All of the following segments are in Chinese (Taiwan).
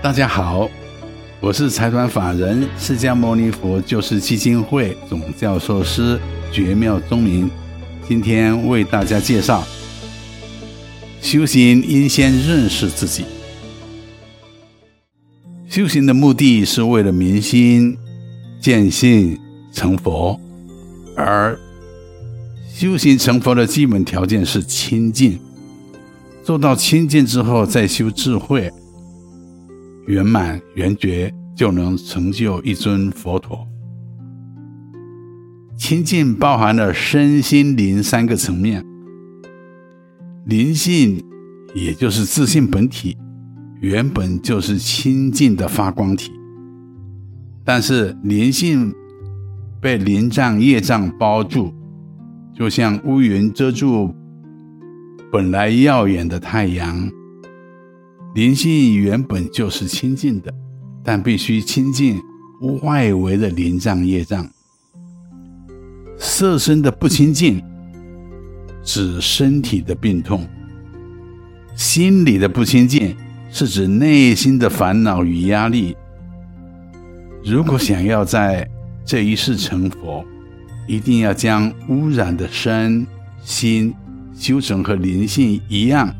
大家好，我是財團法人釋迦牟尼佛救世基金會總教授師覺妙宗明，今天為大家介紹，修行應先認識自己。修行的目的是為了明心、見性、成佛，而修行成佛的基本條件是清淨。做到清淨之後，再修智慧。圓滿、圓覺，就能成就一尊佛陀。清淨包含了身心靈三個層面，靈性也就是自性本體，原本就是清淨的發光體，但是靈性被靈障業障包住，就像烏雲遮住本來耀眼的太陽。靈性原本就是清淨的，但必須清淨外圍的靈障業障。色身的不清淨，指身體的病痛；心理的不清淨，是指內心的煩惱與壓力。如果想要在這一世成佛，一定要將污染的身心修成和靈性一樣。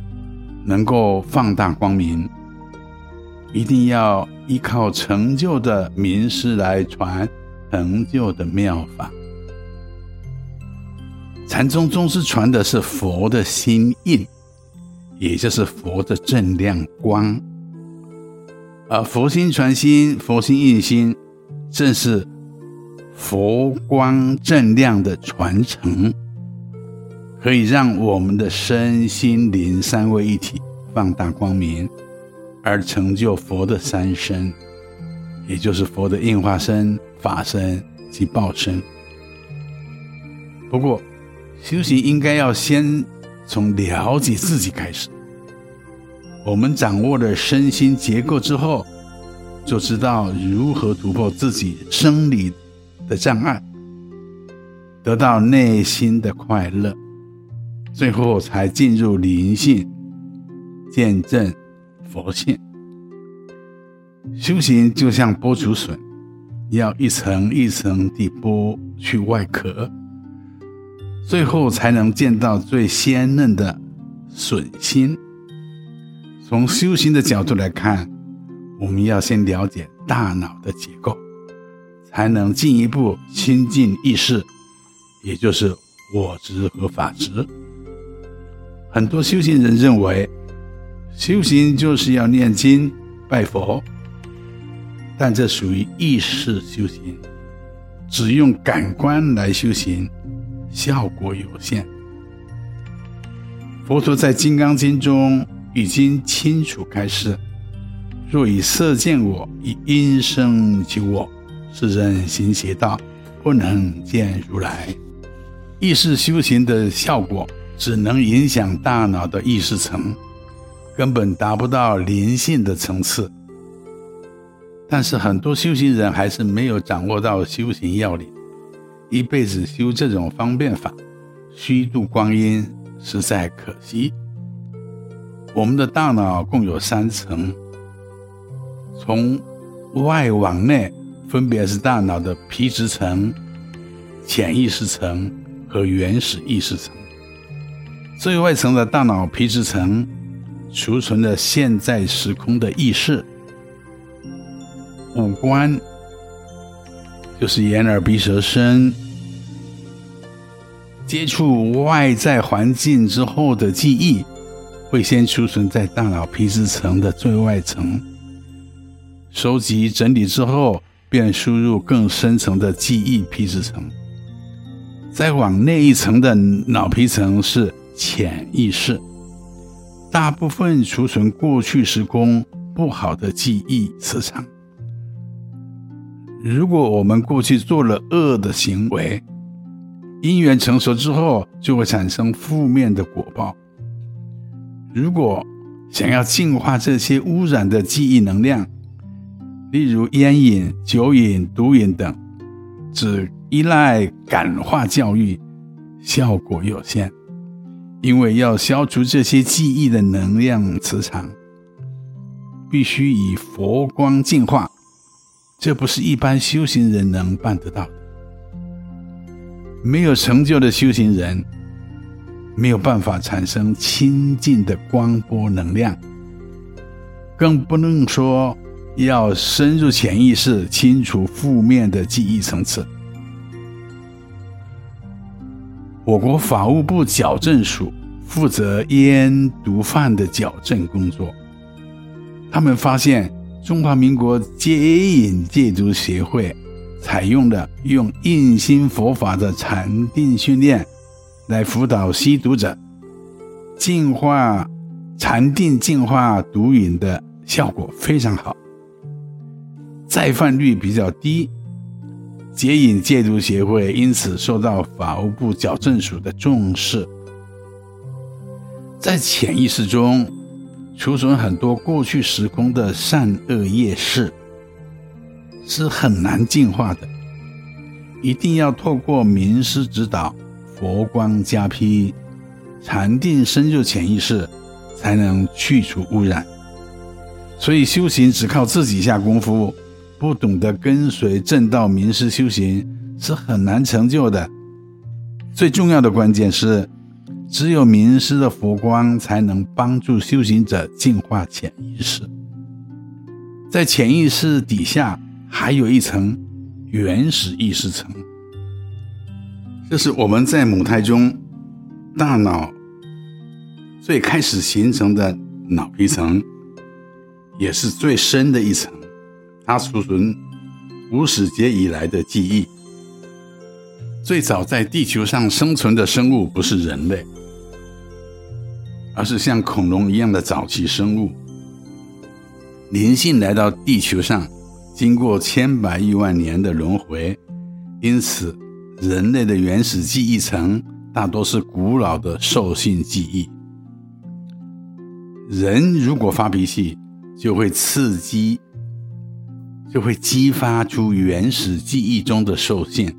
能夠放大光明，一定要依靠成就的名師來傳成就的妙法。禪宗宗師傳的是佛的心印，也就是佛的正量光。而佛心傳心，佛心印心，正是佛光正量的傳承。可以讓我們的身心靈三位一體放大光明，而成就佛的三身，也就是佛的應化身、法身及報身。不過，修行應該要先從了解自己開始。我們掌握了身心結構之後，就知道如何突破自己生理的障礙，得到內心的快樂。最後才進入靈性，見證佛性。修行就像剝竹筍，要一層一層地剝去外殼，最後才能見到最鮮嫩的筍心。從修行的角度來看，我們要先了解大腦的結構，才能進一步親近意識，也就是我執和法執。很多修行人認為，修行就是要念經拜佛，但這屬於意識修行，只用感官來修行，效果有限。佛陀在《金剛經》中已經清楚開示：若以色見我，以音聲求我，是人行邪道，不能見如來。意識修行的效果，只能影響大腦的意識層，根本達不到靈性的層次。但是很多修行人還是沒有掌握到修行要領，一輩子修這種方便法，虛度光陰，實在可惜。我們的大腦共有三層，從外往內分別是大腦的皮質層、潛意識層和原始意識層。最外層的大腦皮質層，儲存了現在時空的意識。五官就是眼、耳、鼻、舌、身，接觸外在環境之後的記憶，會先儲存在大腦皮質層的最外層，收集整理之後，便輸入更深層的記憶皮質層。再往內一層的腦皮層是。潛意識大部分儲存過去時空不好的記憶磁場。如果我們過去做了惡的行為，因緣成熟之後就會產生負面的果報。如果想要淨化這些污染的記憶能量，例如菸癮、酒癮、毒癮等，只依賴感化教育，效果有限。因為要消除這些記憶的能量磁場，必須以佛光淨化，這不是一般修行人能辦得到的。沒有成就的修行人，沒有辦法產生清淨的光波能量，更不能說要深入潛意識清除負面的記憶層次。我國法務部矯正署負責煙毒犯的矯正工作，他們發現中華民國戒癮戒毒協會採用的用印心佛法的禪定訓練來輔導吸毒者，淨化禪定淨化毒癮的效果非常好，再犯率比較低。戒癮戒毒協會因此受到法務部矯正署的重視，在潛意識中儲存很多過去時空的善惡業事，是很難淨化的。一定要透過明師指導、佛光加被、禪定深入潛意識，才能去除污染。所以修行只靠自己下功夫。不懂得跟隨正道明師修行是很難成就的。最重要的關鍵是，只有明師的佛光才能幫助修行者淨化潛意識。在潛意識底下還有一層原始意識層，這是我們在母胎中大腦最開始形成的腦皮層，也是最深的一層。它儲存無始劫以來的記憶。最早在地球上生存的生物不是人類，而是像恐龍一樣的早期生物。靈性來到地球上，經過千百億萬年的輪迴，因此人類的原始記憶層大多是古老的獸性記憶。人如果發脾氣，就會刺激。就會激發出原始記憶中的獸性，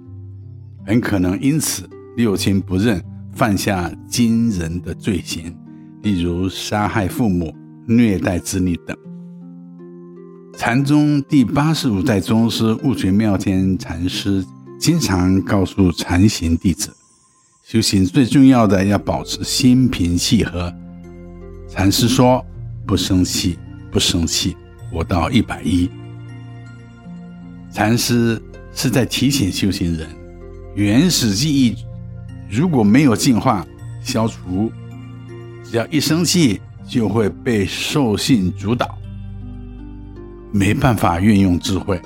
很可能因此六親不認，犯下驚人的罪行，例如殺害父母、虐待子女等。禪宗第八十五代宗師悟覺妙天禪師經常告訴禪行弟子，修行最重要的要保持心平氣和。禪師說：“不生氣，不生氣，活到一百一。”禪師是在提醒修行人，原始記憶如果沒有淨化、消除，只要一生氣就會被獸性主導，沒辦法運用智慧，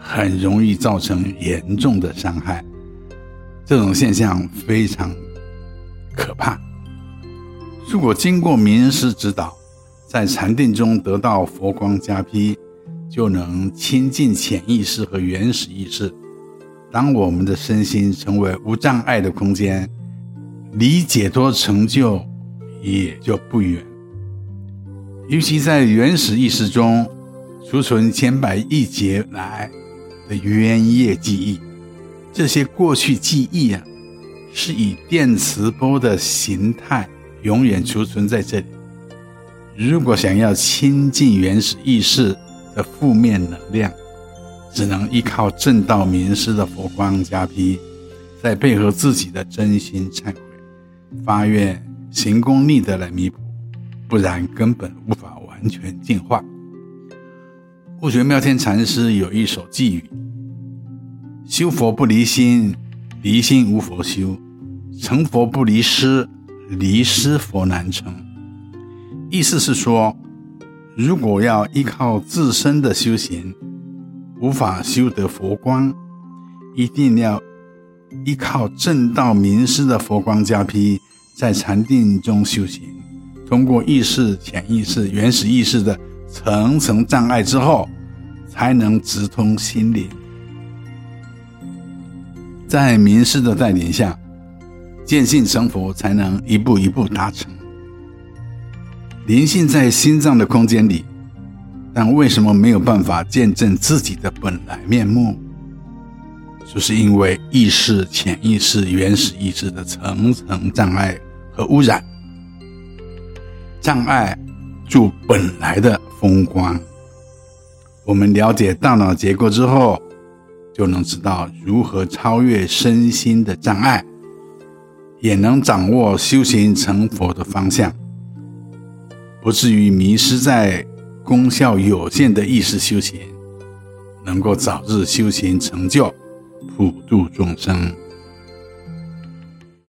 很容易造成嚴重的傷害。這種現象非常可怕。如果經過名師指導，在禪定中得到佛光加持就能親近潛意識和原始意識。當我們的身心成為無障礙的空間，離解脫成就也就不遠。尤其在原始意識中，儲存千百億劫來的冤業記憶，這些過去記憶啊，是以電磁波的形態永遠儲存在這裡。如果想要親近原始意識，的負面能量，只能依靠正道名師的佛光加披，再配合自己的真心懺悔、發願、行功立德來彌補，不然根本無法完全淨化。悟覺妙天禪師有一首偈語：“修佛不離心，離心無佛修；成佛不離師，離師佛難成。”意思是說。如果要依靠自身的修行，無法修得佛光，一定要依靠正道明師的佛光加被，在禪定中修行，通過意識、潛意識、原始意識的層層障礙之後，才能直通心靈。在明師的帶領下，見性成佛才能一步一步達成。靈性在心臟的空間裡，但為什麼沒有辦法見證自己的本來面目？就是因為意識、潛意識、原始意識的層層障礙和污染，障礙住本來的風光。我們了解大腦結構之後，就能知道如何超越身心的障礙，也能掌握修行成佛的方向。不至於迷失在功效有限的意識修行，能夠早日修行成就，普度眾生。